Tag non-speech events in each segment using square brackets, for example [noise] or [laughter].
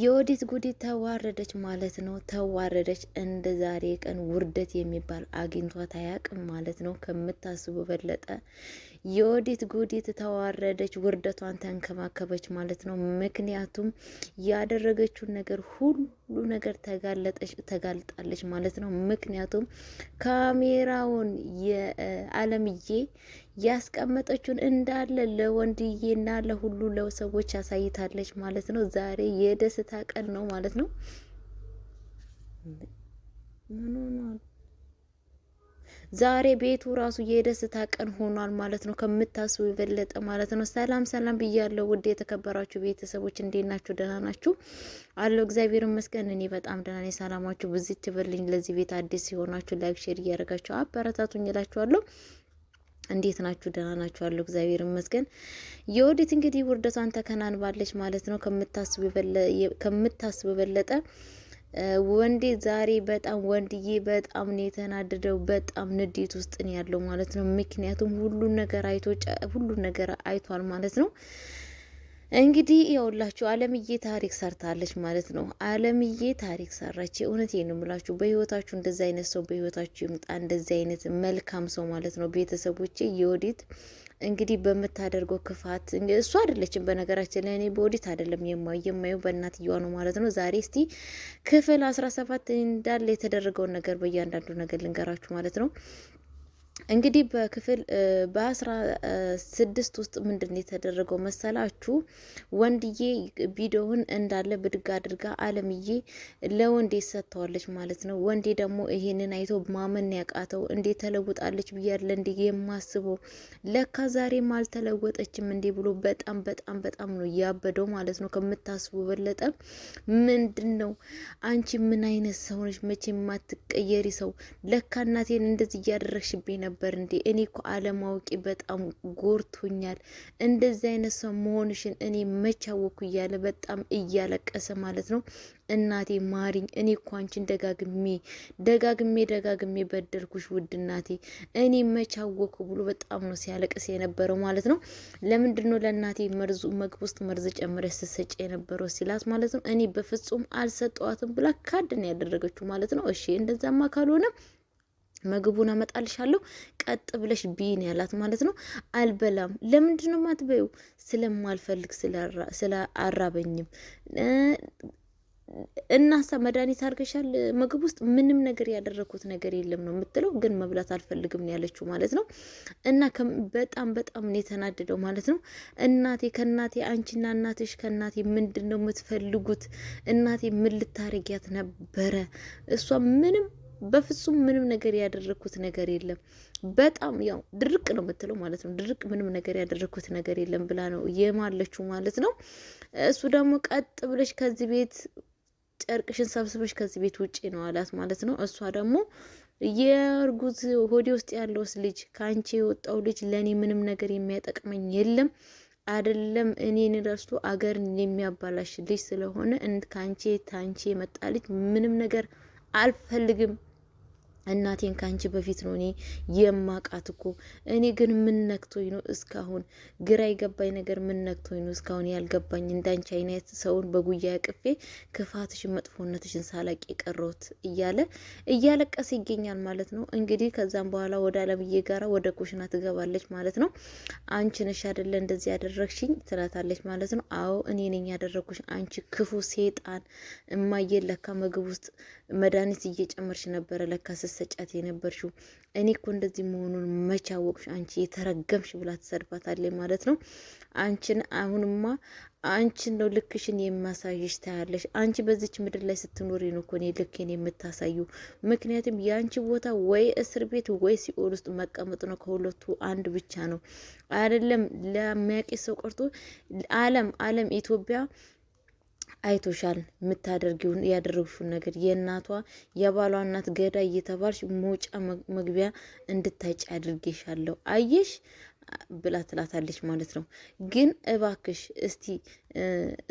የወዲት ጉዲ ተዋረደች ማለት ነው። ተዋረደች እንደ ዛሬ ቀን ውርደት የሚባል አግኝቷት አያውቅም ማለት ነው ከምታስቡ በለጠ የወዲት ጉዲት ተዋረደች፣ ውርደቷን ተንከባከበች ማለት ነው። ምክንያቱም ያደረገችውን ነገር ሁሉ ነገር ተጋልጣለች ማለት ነው። ምክንያቱም ካሜራውን የአለምዬ ያስቀመጠችውን እንዳለ ለወንድዬና ለሁሉ ለሰዎች ያሳይታለች ማለት ነው። ዛሬ የደስታ ቀን ነው ማለት ነው። ዛሬ ቤቱ ራሱ የደስታ ቀን ሆኗል ማለት ነው፣ ከምታስቡ የበለጠ ማለት ነው። ሰላም ሰላም ብያለሁ ውድ የተከበራችሁ ቤተሰቦች፣ እንዴት ናችሁ? ደህና ናችሁ? አለሁ እግዚአብሔር ይመስገን፣ እኔ በጣም ደህና ነኝ። ሰላማችሁ ብዝት ይበልኝ። ለዚህ ቤት አዲስ የሆናችሁ ላይክ፣ ሼር እያደረጋችሁ አበረታቱኝ እላችኋለሁ። እንዴት ናችሁ? ደህና ናችሁ? አለሁ እግዚአብሔር ይመስገን። የወዲት እንግዲህ ውርደቷን ተከናንባለች ማለት ነው፣ ከምታስቡ የበለጠ ወንዴ ዛሬ በጣም ወንድዬ በጣም ነው የተናደደው። በጣም ንዴት ውስጥ ነው ያለው ማለት ነው። ምክንያቱም ሁሉን ነገር አይቶ ሁሉን ነገር አይቷል ማለት ነው። እንግዲህ ያውላችሁ አለምዬ ታሪክ ሰርታለች ማለት ነው። አለምዬ ታሪክ ሰራች። እውነት ነው የምላችሁ። በህይወታችሁ እንደዚህ አይነት ሰው በህይወታችሁ ይምጣ፣ እንደዚህ አይነት መልካም ሰው ማለት ነው። ቤተሰቦቼ የወዲት እንግዲህ በምታደርገው ክፋት እሱ አይደለችም። በነገራችን ላይ እኔ በኦዲት አይደለም የማየው በእናትየዋ ነው ማለት ነው። ዛሬ እስቲ ክፍል አስራ ሰባት እንዳለ የተደረገውን ነገር በእያንዳንዱ ነገር ልንገራችሁ ማለት ነው። እንግዲህ በክፍል በአስራ ስድስት ውስጥ ምንድን የተደረገው መሰላችሁ? ወንድዬ ቪዲዮውን እንዳለ ብድግ አድርጋ አለምዬ ለወንዴ ሰጥተዋለች ማለት ነው። ወንዴ ደግሞ ይሄንን አይቶ ማመን ያቃተው እንዴ ተለውጣለች ብያለ እንዲ የማስበው ለካ ዛሬም አልተለወጠችም እንዴ ብሎ በጣም በጣም በጣም ነው እያበደው ማለት ነው። ከምታስቡ በለጠ ምንድን ነው አንቺ ምን አይነት ሰው ነች? መቼ የማትቀየሪ ሰው ለካ እናቴን እንደዚህ እያደረግሽብኝ ነበር እንዴ? እኔ እኮ አለማወቂ በጣም ጎርቶኛል። እንደዚህ አይነት ሰው መሆንሽን እኔ መቻወኩ እያለ በጣም እያለቀሰ ማለት ነው። እናቴ ማሪኝ፣ እኔ እኮ አንቺን ደጋግሜ ደጋግሜ ደጋግሜ በደልኩሽ ውድ እናቴ፣ እኔ መቻወኩ ብሎ በጣም ነው ሲያለቅስ የነበረው ማለት ነው። ለምንድን ነው ለእናቴ መርዙ ምግብ ውስጥ መርዝ ጨምረሽ ስትሰጪ የነበረው ሲላት ማለት ነው። እኔ በፍጹም አልሰጠዋትም ብላ ካድን ያደረገችው ማለት ነው። እሺ እንደዛማ ካልሆነ ምግቡን አመጣልሻለሁ ቀጥ ብለሽ ቢን ያላት ማለት ነው። አልበላም። ለምንድን ነው ማትበዩ? ስለማልፈልግ ስለ አራበኝም እናሳ መድኃኒት አድርገሻል ምግብ ውስጥ ምንም ነገር ያደረግኩት ነገር የለም ነው የምትለው። ግን መብላት አልፈልግም ያለችው ማለት ነው። እና በጣም በጣም ነው የተናደደው ማለት ነው። እናቴ ከእናቴ አንቺና እናትሽ ከእናቴ ምንድን ነው የምትፈልጉት? እናቴ ምን ልታረጊያት ነበረ? እሷ ምንም በፍጹም ምንም ነገር ያደረግኩት ነገር የለም። በጣም ያው ድርቅ ነው የምትለው ማለት ነው። ድርቅ ምንም ነገር ያደረግኩት ነገር የለም ብላ ነው የማለችው ማለት ነው። እሱ ደግሞ ቀጥ ብለሽ ከዚህ ቤት ጨርቅሽን ሰብስበሽ ከዚህ ቤት ውጪ ነው አላት ማለት ነው። እሷ ደግሞ የእርጉዝ ሆዴ ውስጥ ያለውስ ልጅ ከአንቺ የወጣው ልጅ ለእኔ ምንም ነገር የሚያጠቅመኝ የለም አይደለም እኔን ረስቶ አገርን የሚያባላሽ ልጅ ስለሆነ ከአንቺ ታንቺ የመጣ ልጅ ምንም ነገር አልፈልግም እናቴን ከአንቺ በፊት ነው እኔ የማቃት እኮ። እኔ ግን ምን ነክቶኝ ነው እስካሁን ግራ የገባኝ ነገር ምን ነክቶኝ ነው እስካሁን ያልገባኝ? እንዳንቺ አይነት ሰውን በጉያ ቅፌ ክፋትሽን፣ መጥፎነትሽን ሳላቅ የቀረሁት እያለ እያለቀሰ ይገኛል ማለት ነው። እንግዲህ ከዛም በኋላ ወደ አለምዬ ጋራ ወደ ኩሽና ትገባለች ማለት ነው። አንቺ ነሽ አይደለ እንደዚህ ያደረግሽኝ ትላታለች ማለት ነው። አዎ እኔ ነኝ ያደረግኩሽ አንቺ ክፉ ሴጣን። እማዬ ለካ ምግብ ውስጥ መድኃኒት እየጨመርሽ ነበረ ለካስ ስትሰጫት የነበርሽው? እኔ እኮ እንደዚህ መሆኑን መቼ አወቅሽ? አንቺ የተረገምሽ ብላ ትሰድባታለች ማለት ነው። አንቺን አሁንማ አንቺን ነው ልክሽን የሚያሳይሽ። ታያለሽ። አንቺ በዚች ምድር ላይ ስትኖሪ ነው እኮ እኔ ልክን የምታሳዩ። ምክንያቱም የአንቺ ቦታ ወይ እስር ቤት ወይ ሲኦል ውስጥ መቀመጥ ነው። ከሁለቱ አንድ ብቻ ነው። አይደለም ለሚያቂ ሰው ቀርቶ አለም አለም ኢትዮጵያ አይቶሻል የምታደርጊውን ያደረግሽውን ነገር የእናቷ የባሏ እናት ገዳይ እየተባልሽ መውጫ መግቢያ እንድታጭ አድርጌሻለሁ አየሽ ብላ ትላታለች ማለት ነው። ግን እባክሽ እስቲ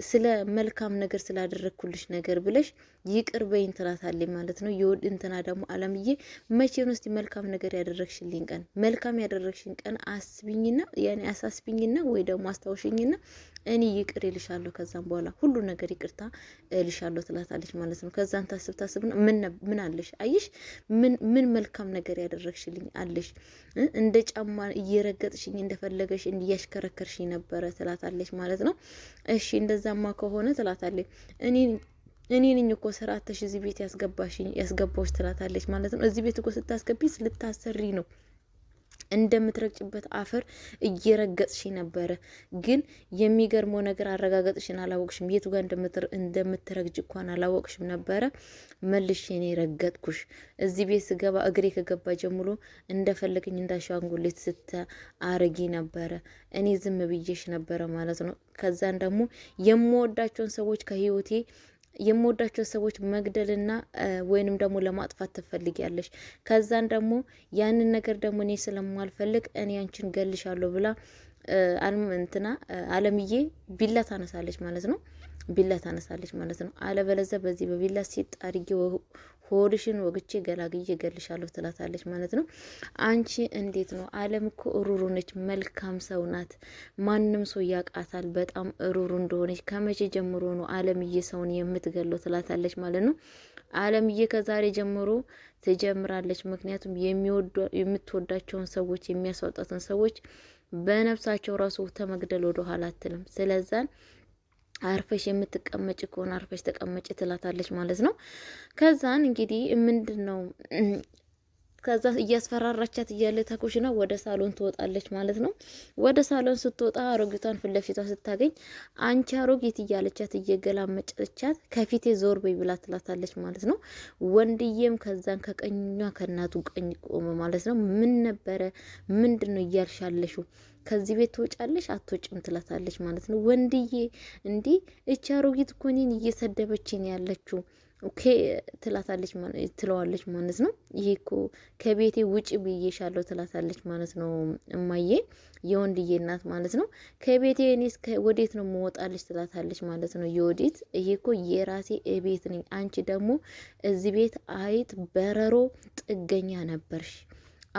ስለ መልካም ነገር ስላደረግኩልሽ ነገር ብለሽ ይቅር በይኝ ትላታለች ማለት ነው። የወድ እንትና ደግሞ አለምዬ መቼን ውስጥ መልካም ነገር ያደረግሽልኝ ቀን መልካም ያደረግሽኝ ቀን አስብኝና ያኔ አሳስቢኝና ወይ ደግሞ አስታውሽኝና እኔ ይቅር ይልሻለሁ፣ ከዛም በኋላ ሁሉ ነገር ይቅርታ እልሻለሁ ትላታለች ማለት ነው። ከዛን ታስብ ታስብ ምን አለሽ አየሽ፣ ምን መልካም ነገር ያደረግሽልኝ አለሽ። እንደ ጫማ እየረገጥሽኝ እንደፈለገሽ እንዲያሽከረከርሽኝ ነበረ ትላታለች ማለት ነው። እሺ እንደዛማ ከሆነ ትላታለች። እኔ እኔ ነኝ እኮ ስራ አተሽ እዚህ ቤት ያስገባሽ ያስገባዎች ትላታለች ማለት ነው። እዚህ ቤት እኮ ስታስገቢ ልታሰሪ ነው እንደምትረግጭበት አፈር እየረገጥሽ ነበረ። ግን የሚገርመው ነገር አረጋገጥሽን አላወቅሽም። የቱ ጋር እንደምትረግጭ እንኳን አላወቅሽም ነበረ። መልሽ እኔ ረገጥኩሽ። እዚህ ቤት ስገባ እግሬ ከገባ ጀምሮ እንደፈለገኝ እንዳሻንጉሌት ስተ አረጊ ነበረ። እኔ ዝም ብዬሽ ነበረ ማለት ነው። ከዛን ደግሞ የምወዳቸውን ሰዎች ከህይወቴ የምወዳቸው ሰዎች መግደልና ወይንም ደግሞ ለማጥፋት ትፈልጊያለሽ። ከዛን ደግሞ ያንን ነገር ደግሞ እኔ ስለማልፈልግ እኔ አንቺን ገልሻለሁ ብላ እንትና አለምዬ ቢላ ታነሳለች ማለት ነው። ቢላ ታነሳለች ማለት ነው። አለበለዚያ በዚህ በቢላ ሲጥ አድርጌ ሆድሽን ወግቼ ገላግዬ ገልሻለሁ ትላታለች ማለት ነው። አንቺ እንዴት ነው? አለም እኮ እሩሩ ነች፣ መልካም ሰው ናት። ማንም ሰው ያውቃታል በጣም እሩሩ እንደሆነች። ከመቼ ጀምሮ ነው አለምዬ ሰውን የምትገለው? ትላታለች ማለት ነው። አለምዬ ከዛሬ ጀምሮ ትጀምራለች። ምክንያቱም የምትወዳቸውን ሰዎች የሚያስወጣትን ሰዎች በነፍሳቸው ራሱ ተመግደል ወደ ኋላ አትልም። ስለዛን አርፈሽ የምትቀመጭ ከሆነ አርፈሽ ተቀመጭ ትላታለች ማለት ነው። ከዛን እንግዲህ ምንድን ነው ከዛ እያስፈራራቻት እያለ ተኩሽና ወደ ሳሎን ትወጣለች ማለት ነው። ወደ ሳሎን ስትወጣ አሮጊቷን ፊት ለፊቷ ስታገኝ አንቺ አሮጊት እያለቻት እየገላመጨቻት ከፊቴ ዞር በይ ብላ ትላታለች ማለት ነው። ወንድዬም ከዛን ከቀኟ ከእናቱ ቀኝ ቆመ ማለት ነው። ምን ነበረ ምንድን ነው እያልሻለሹ ከዚህ ቤት ትወጫለሽ አትወጭም ትላታለች ማለት ነው። ወንድዬ እንዲህ እቺ አሮጊት እኮ እኔን እየሰደበችን ያለችው ኦኬ ትላታለች ትለዋለች ማለት ነው። ይሄ እኮ ከቤቴ ውጭ ብዬሻለሁ ትላታለች ማለት ነው። እማዬ የወንድዬ እናት ማለት ነው። ከቤቴ እኔስ ወዴት ነው መወጣለች ትላታለች ማለት ነው። የወዴት ይሄ እኮ የራሴ ቤት ነኝ። አንቺ ደግሞ እዚህ ቤት አይጥ በረሮ ጥገኛ ነበርሽ።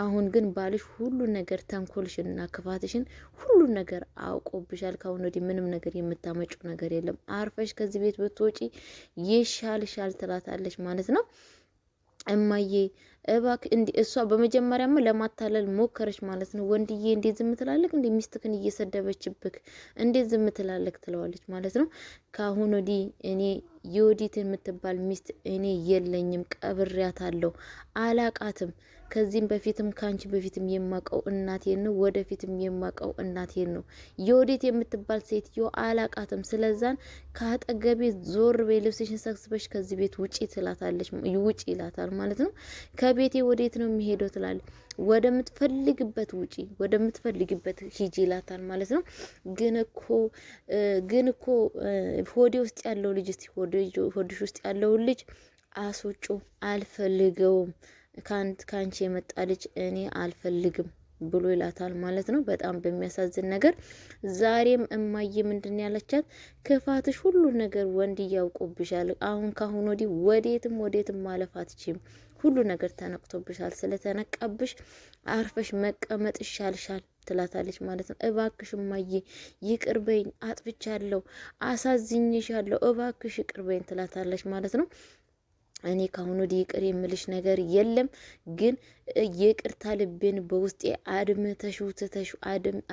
አሁን ግን ባልሽ ሁሉ ነገር ተንኮልሽንና ክፋትሽን ሁሉን ነገር አውቆብሻል። ከአሁን ወዲህ ምንም ነገር የምታመጩ ነገር የለም። አርፈሽ ከዚህ ቤት ብትወጪ ይሻልሻል ትላታለች ማለት ነው። እማዬ እባክ እንዲ እሷ በመጀመሪያም ለማታለል ሞከረች ማለት ነው። ወንድዬ እንዴት ዝም ትላለክ? እንዴ ሚስትክን እየሰደበችብክ እንዴት ዝም ትላለክ? ትለዋለች ማለት ነው። ከአሁን ወዲህ እኔ የወዲት የምትባል ሚስት እኔ የለኝም፣ ቀብሬያታለሁ፣ አላቃትም ከዚህም በፊትም ከአንቺ በፊትም የማቀው እናቴን ነው፣ ወደፊትም የማቀው እናቴን ነው። የወዴት የምትባል ሴትዮ አላቃትም። ስለዛን ከአጠገቤ ዞር በይ፣ ልብስሽን ሰብስበሽ ከዚህ ቤት ውጪ ትላታለች። ውጪ ይላታል ማለት ነው። ከቤቴ ወዴት ነው የሚሄደው ትላለ። ወደምትፈልግበት ውጪ፣ ወደምትፈልግበት ሂጂ ይላታል ማለት ነው። ግን እኮ ግን እኮ ሆዴ ውስጥ ያለው ልጅ ሆድሽ ውስጥ ያለውን ልጅ አስወጩ አልፈልገውም ከአንድ ከአንቺ የመጣ ልጅ እኔ አልፈልግም ብሎ ይላታል ማለት ነው። በጣም በሚያሳዝን ነገር ዛሬም እማዬ ምንድን ያለቻት ክፋትሽ ሁሉ ነገር ወንድ እያውቁብሻል። አሁን ካሁን ወዲህ ወዴትም ወዴትም ማለፍ አትችም። ሁሉ ነገር ተነቅቶብሻል። ስለተነቃብሽ አርፈሽ መቀመጥ ይሻልሻል ትላታለች ማለት ነው። እባክሽ እማዬ ይቅርበኝ፣ አጥፍቻለሁ፣ አሳዝኝሻለሁ፣ እባክሽ ይቅርበኝ ትላታለች ማለት ነው። እኔ ከአሁኑ ወዲህ ይቅር የምልሽ ነገር የለም። ግን የይቅርታ ልቤን በውስጤ አድምተሽ ትተሽ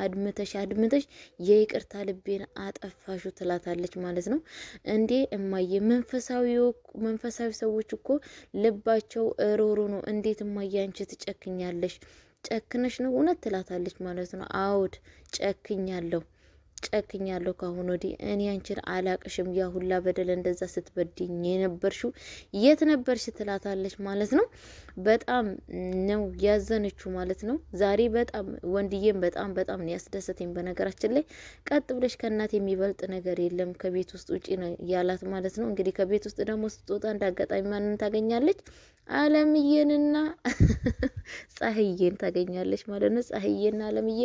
አድምተሽ አድምተሽ የይቅርታ ልቤን አጠፋሹ ትላታለች ማለት ነው። እንዴ እማዬ፣ መንፈሳዊ ሰዎች እኮ ልባቸው ሮሮ ነው። እንዴት እማዬ አንቺ ትጨክኛለሽ? ጨክነሽ ነው እውነት ትላታለች ማለት ነው። አውድ ጨክኛለሁ ጨክኛለሁ። ካሁን ወዲህ እኔ አንቺን አላቅሽም። ያ ሁላ በደል እንደዛ ስትበድኝ የነበርሽው የት ነበርሽ? ትላታለች ማለት ነው። በጣም ነው ያዘነችው ማለት ነው። ዛሬ በጣም ወንድዬም በጣም በጣም ነው ያስደሰተኝ። በነገራችን ላይ ቀጥ ብለሽ ከእናት የሚበልጥ ነገር የለም ከቤት ውስጥ ውጪ ነው ያላት ማለት ነው። እንግዲህ ከቤት ውስጥ ደግሞ ስትወጣ እንዳጋጣሚ ማንን ታገኛለች? አለምዬንና [laughs] ፀሐዬን ታገኛለች ማለት ነው። ፀሐዬና አለምዬ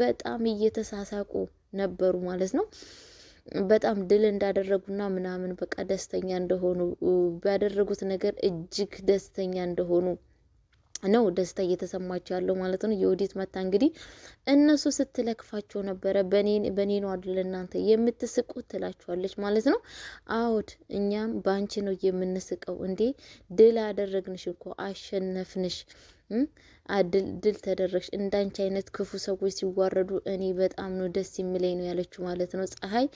በጣም እየተሳሳቁ ነበሩ ማለት ነው። በጣም ድል እንዳደረጉና ምናምን በቃ ደስተኛ እንደሆኑ ባደረጉት ነገር እጅግ ደስተኛ እንደሆኑ ነው ደስታ እየተሰማቸው ያለው ማለት ነው። የወዲት መታ እንግዲህ እነሱ ስትለክፋቸው ነበረ። በኔ ነው አይደል እናንተ የምትስቁት ትላቸዋለች ማለት ነው። አዎድ እኛም በአንቺ ነው የምንስቀው። እንዴ ድል አደረግንሽ እኮ አሸነፍንሽ ድል ተደረግሽ። እንዳንቺ አይነት ክፉ ሰዎች ሲዋረዱ እኔ በጣም ነው ደስ የሚለኝ ነው ያለችው ማለት ነው ፀሐይ።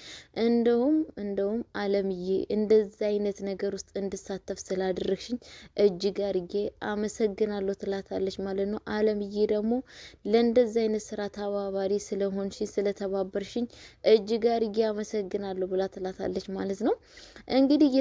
እንደውም እንደውም አለምዬ እንደዛ አይነት ነገር ውስጥ እንድሳተፍ ስላደረግሽኝ እጅግ አርጌ አመሰግናለሁ ትላታለች ማለት ነው። አለምዬ ደግሞ ለእንደዛ አይነት ስራ ተባባሪ ስለሆንሽ ስለተባበርሽኝ እጅግ አርጌ አመሰግናለሁ ብላ ትላታለች ማለት ነው እንግዲህ